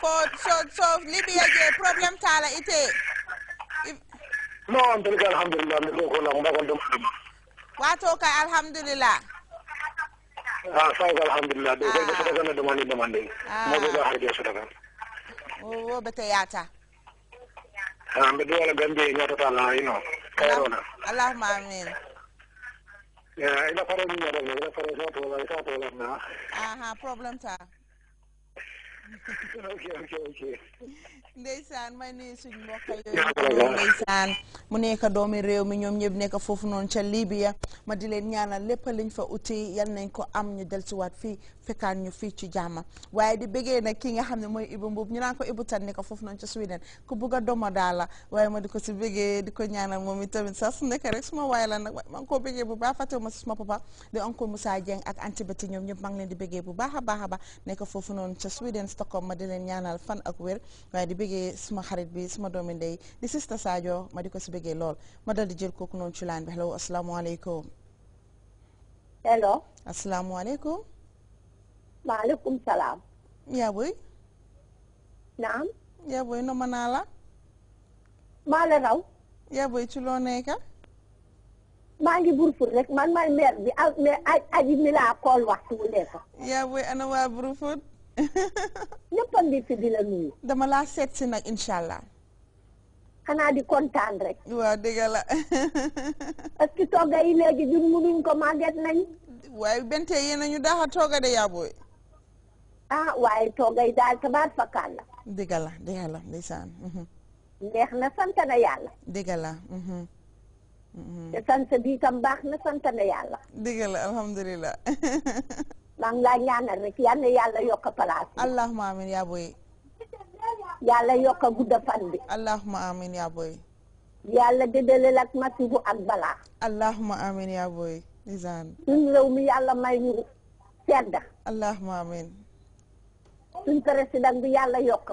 for so so Libya je problem tala ite. No, I'm telling you, Alhamdulillah, I'm going to go to Wato ka Alhamdulillah. Ah, sai Alhamdulillah, dai sai da kana da mani da mani. Mu ga har ga su daga. Oh, oh bata yata. Ah, bi dole gambe ya ta tala, you know. Kairona. Allahumma amin. Ya, ina fara ni da ina fara so to, so to na. Aha, problem ta. ok ok ok. ndeysaan may nuyu suñu mbokk yooyu mu nekk doomi réew mi ñoom ñëpp nekk foofu noonu ca Libya ma di leen ñaanal lépp liñ fa uti yal nañ ko am ñu dellusiwaat fii fekkaat ñu fii ci jàmm waaye di bëggee nag ki nga xam ne mooy Ibu Mbuub ñu naan ko Ibu Tan nekk foofu noonu ca Sweden ku bugg a doomu daal la waaye di ko si bëggee di ko ñaanal moom itamit sax su nekk rek suma waay la nag waaye maa ngi koo bëggee bu baax fàttewu ma si suma papa di mu Moussa Dieng ak Antibati ñoom ñëpp maa ngi leen di bëggee bu baax a baax a baax nekk foofu noonu ca Sweden Stockholm ma di ñaanal fan ak wér waaye di bëggee suma xarit bi suma doomi ndey di sista Sadio ma di ko si bëggee lool ma dal di jël kooku noonu ci bi hello asalaamaaleykum. hello. asalaamaaleykum. maaleykum salaam. yaa raw. yaa booy ci loo maa ngi Brufut rek man man maire bi ah, ah, aji mi laa kool waxtu wu nekk. yaa booy ana waa Brufut. ñëpp a ngi la nuyu. dama laa seet si nag incha allah. xanaa di kontaan rek. waaw dëgg la. parce que tooga yi léegi ñun munuñ ko màgget nañ. waaye bente yéen a ñu daax a tooga de yaa booy. ah waaye tooga yi daal tabaat fakkaan la. dëgg la dëgg la mhm. neex na sant na yàlla. dëgg la. Mhm. Mhm. te sant bi baax na sant na yàlla. dëgg la alhamdulilah. maa ngi laa ñaanal rek yal na yàlla yokk palaas bi. allahumma amin yaa booy. yàlla yokk gudda fan bi. allahumma amin yaa booy. yàlla dëddaleel ak masibu ak balaa. allahumma amin yaa booy. nizaan suñu réew mi may ñu sedda. allahumma amin. suñu président bi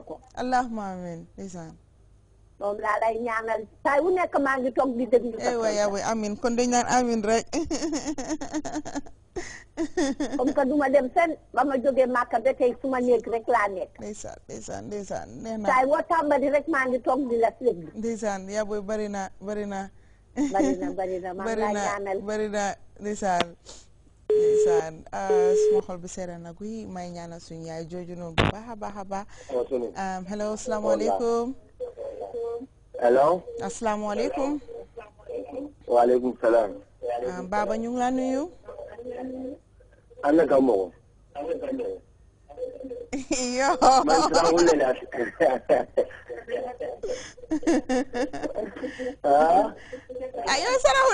ko. allahumma amin nizaan. moom laa lay ñaanal wu nekk maa ngi toog di déglu. aywa yàlla amin kon dañ naan amin rek. comme que duma dem fenn ba ma jógee Màkka ba tey suma néeg rek laa nekk. ndeysaan ndeysaan ndeysaan nee naa. saa woo tàmbali rek maa ngi toog di la déglu. ndeysaan yaa booy bari na bari na. bari na bari na maa ah, suma xol bi seera na guy may ñaanal suñu yaay jooju noonu bu baax a baax a baax. allo. asalaamaaleykum. waaleykum ah, Baba ñu ngi ana ka mɔgɔ. yo. man siramu le ah? ah, la. a yoo sarahu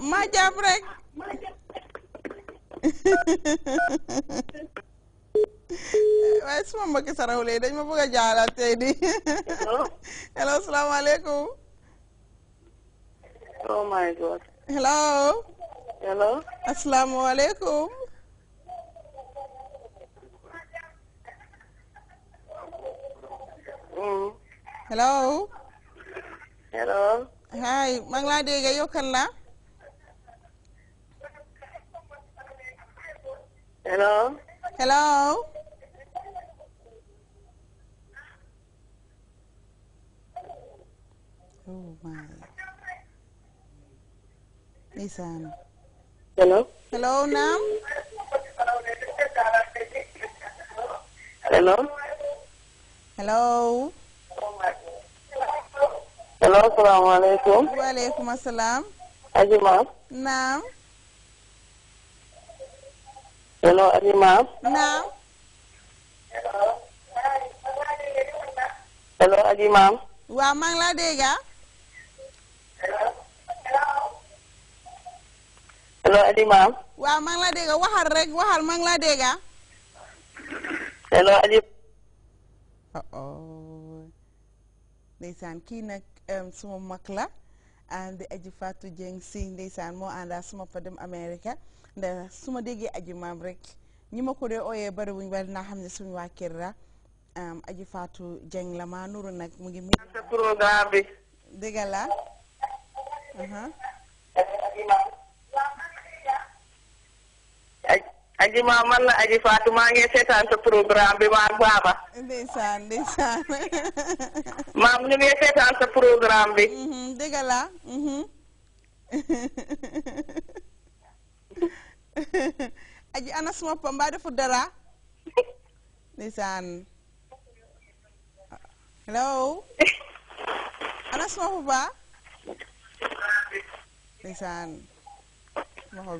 ma jàpp rek waaye suma mbokki sarawle yi dañ ma bëgg a jaalal di hello salaamaaleykum oh my god hello hello asalaamaaleykum mm. hello hello hi maa ngi laa la Hello? Hello? Oh my. Listen. Hello? Hello, Nam? Hello? Hello? Hello, assalamu alaikum. Wa alaikum assalam. Ajima. Nam? Hello, Arima. Naam. Hello, Arima. waaw maa ngi laa dégg. Ah. Hello, Arima. waaw maa ngi laa dégg waxal rek waxal maa laa dégg. Ah. Hello, Arima. ndeysaan kii nag um, suma mag la and Aji Fatou Dieng si ndeysaan moo ànda suma pa dem Amérique. ndax su ma déggee aji maam rek ñi ma ko dee ooyee bari wuñ bari naa xam ne suñ waa kër la aji Fatou Jeng la maa nuru nag mu ngi mu ngi seetaan sa programme bi maam baaba ndeysaan ndeysaan maam ñu ngi seetaan sa programme bi mhm, dëgg la mhm. aji anas noppam mbaɗa dara nisan hello anas nisan ba ndeysan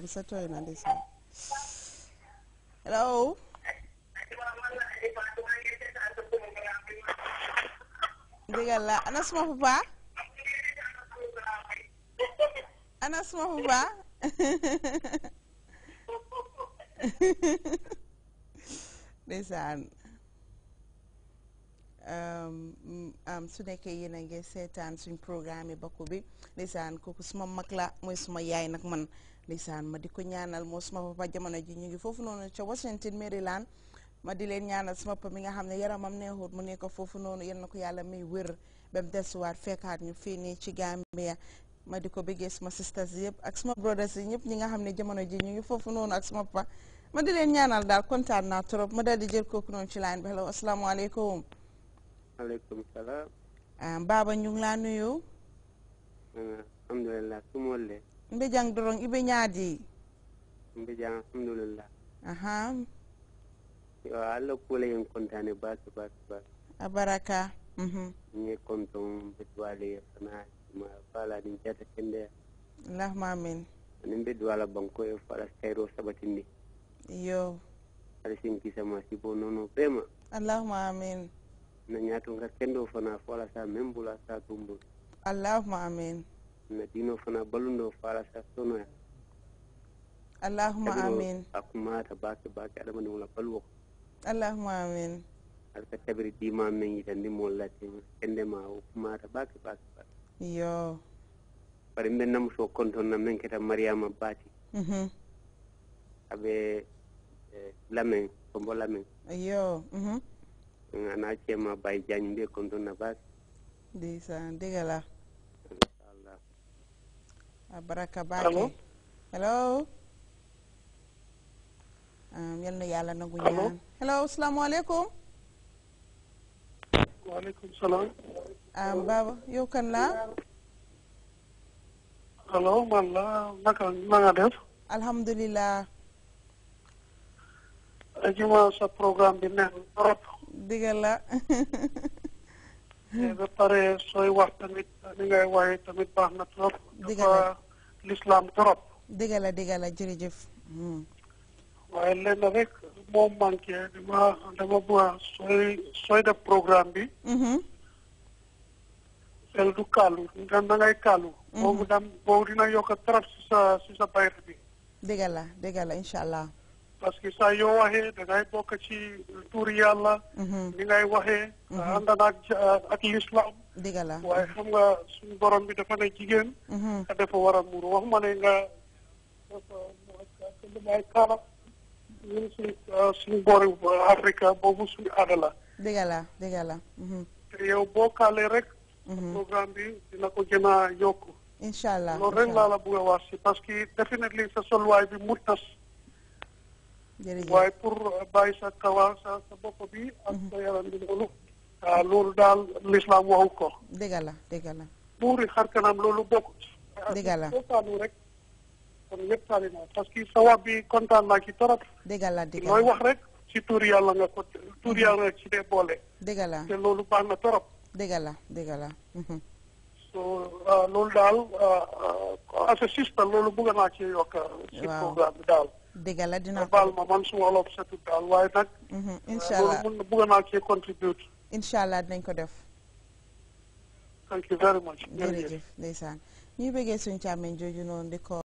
bisa mi ina ndeysan hello ndigalla ana suma ba ana suma ba ndeysaan um, um, su nekkee yéen a ngi seetaan suñ programme yi bakku bi ndeysaan kooku suma mag la mooy suma yaay nag man ndeysaan ma di ko ñaanal moo suma papa jamono ji ñu ngi foofu noonu ca Washington Maryland ma di leen ñaanal suma papa mi nga xam ne yaramam neexut mu nekk foofu noonu yal na ko yàlla may wér ba mu desuwaat fekkaat ñu fii nii ci Gambia ma diko beggé sama suma sisters ak sama brothers yi ñëpp ñi nga xamné jëmono ji ñu ngi fofu non ak sama papa ma di leen ñaanal dal contane na trop ma dal di jël koku non ci line bi hello alaykum Alaykum salaam. Ah, baba ñu ngi ah, la nuyu. le mbé mbejang dorong ibé ñaadi. mbejang alhamdullilah aha. yo Allah kula yin contane ba ba ba abaraka ñi kontum bidwali fana ma fala din jata kende allah ma min ni bidwala banko e fala kairo sabatindi yo ari sin sama ma sibo nono pema allah ma min na ya nyatu ga kendo fana fala sa membula sa tumbu allah ma min na dino fana balundo fala sa sono allah ma min akuma ta baka baka adamani wala balwo allah ma min alka tabiridiima dima yitandi moolu la teŋ kendema o kumaata baake baake baake yo bari mbe namusoo konton na meŋ keta mariama baati mhm. e, mhm. a be lameŋ kombo lameŋ yo a na ceema bayi jaañi mbe konton na baake disa dëgg la inchallah a baraka hello um, yal na nangu hello salaamaaleykum waaleykum salaam. ah yow kan laa. allo man la naka na def. alhamdulilah. ajuma sa programme bi neex trop. dëgg eh, sooy wax ni ngay waaye tamit baax na trop. dëgg la dafa jërëjëf. Hmm. ele lave mo manke dema dema bua soy soy da program bi mhm el du kalu ngam da ngay kalu bobu dam bobu dina yok trap ci sa ci sa bayr bi degala degala inshallah parce que sa yo waxe da ngay bok ci tour yalla ni ngay waxe anda nak ak l'islam degala waye xam nga suñu borom bi dafa ne jigen dafa wara muru wax ma ne nga ñun suñu ah, suñu ah, boobu suñ aada la. dëgg la dëgg mhm. te yow boo kaalee rek. Mhm. programme bi dina ko gën a yokk. incha loolu rek laa la bëgg a si parce que definitely sa solwaay bi mut nas. jërëjëf waaye pour ah, bàyyi sa kawa sa sa bi. ak mhm. sa yaram bi loolu. loolu daal lislaam waxu ko. dëgg buuri xar loolu bokk. dëgg kon ñëpp tali parce que sawab bi kontaan naa ci torop. dëgg la dëgg la mooy wax rek ci tuur yàlla nga ko te loolu baax na torop. dëgg la dëgg la. Mhm. Ah, loolu daal as ah, a ah, sister loolu bëgg naa ci yokk. ci programme dina baal ma man su wolof setul daal waaye nag. Mhm, incha allah dinañ ko def. thank bëggee suñu càmmeñ jooju noonu di ko.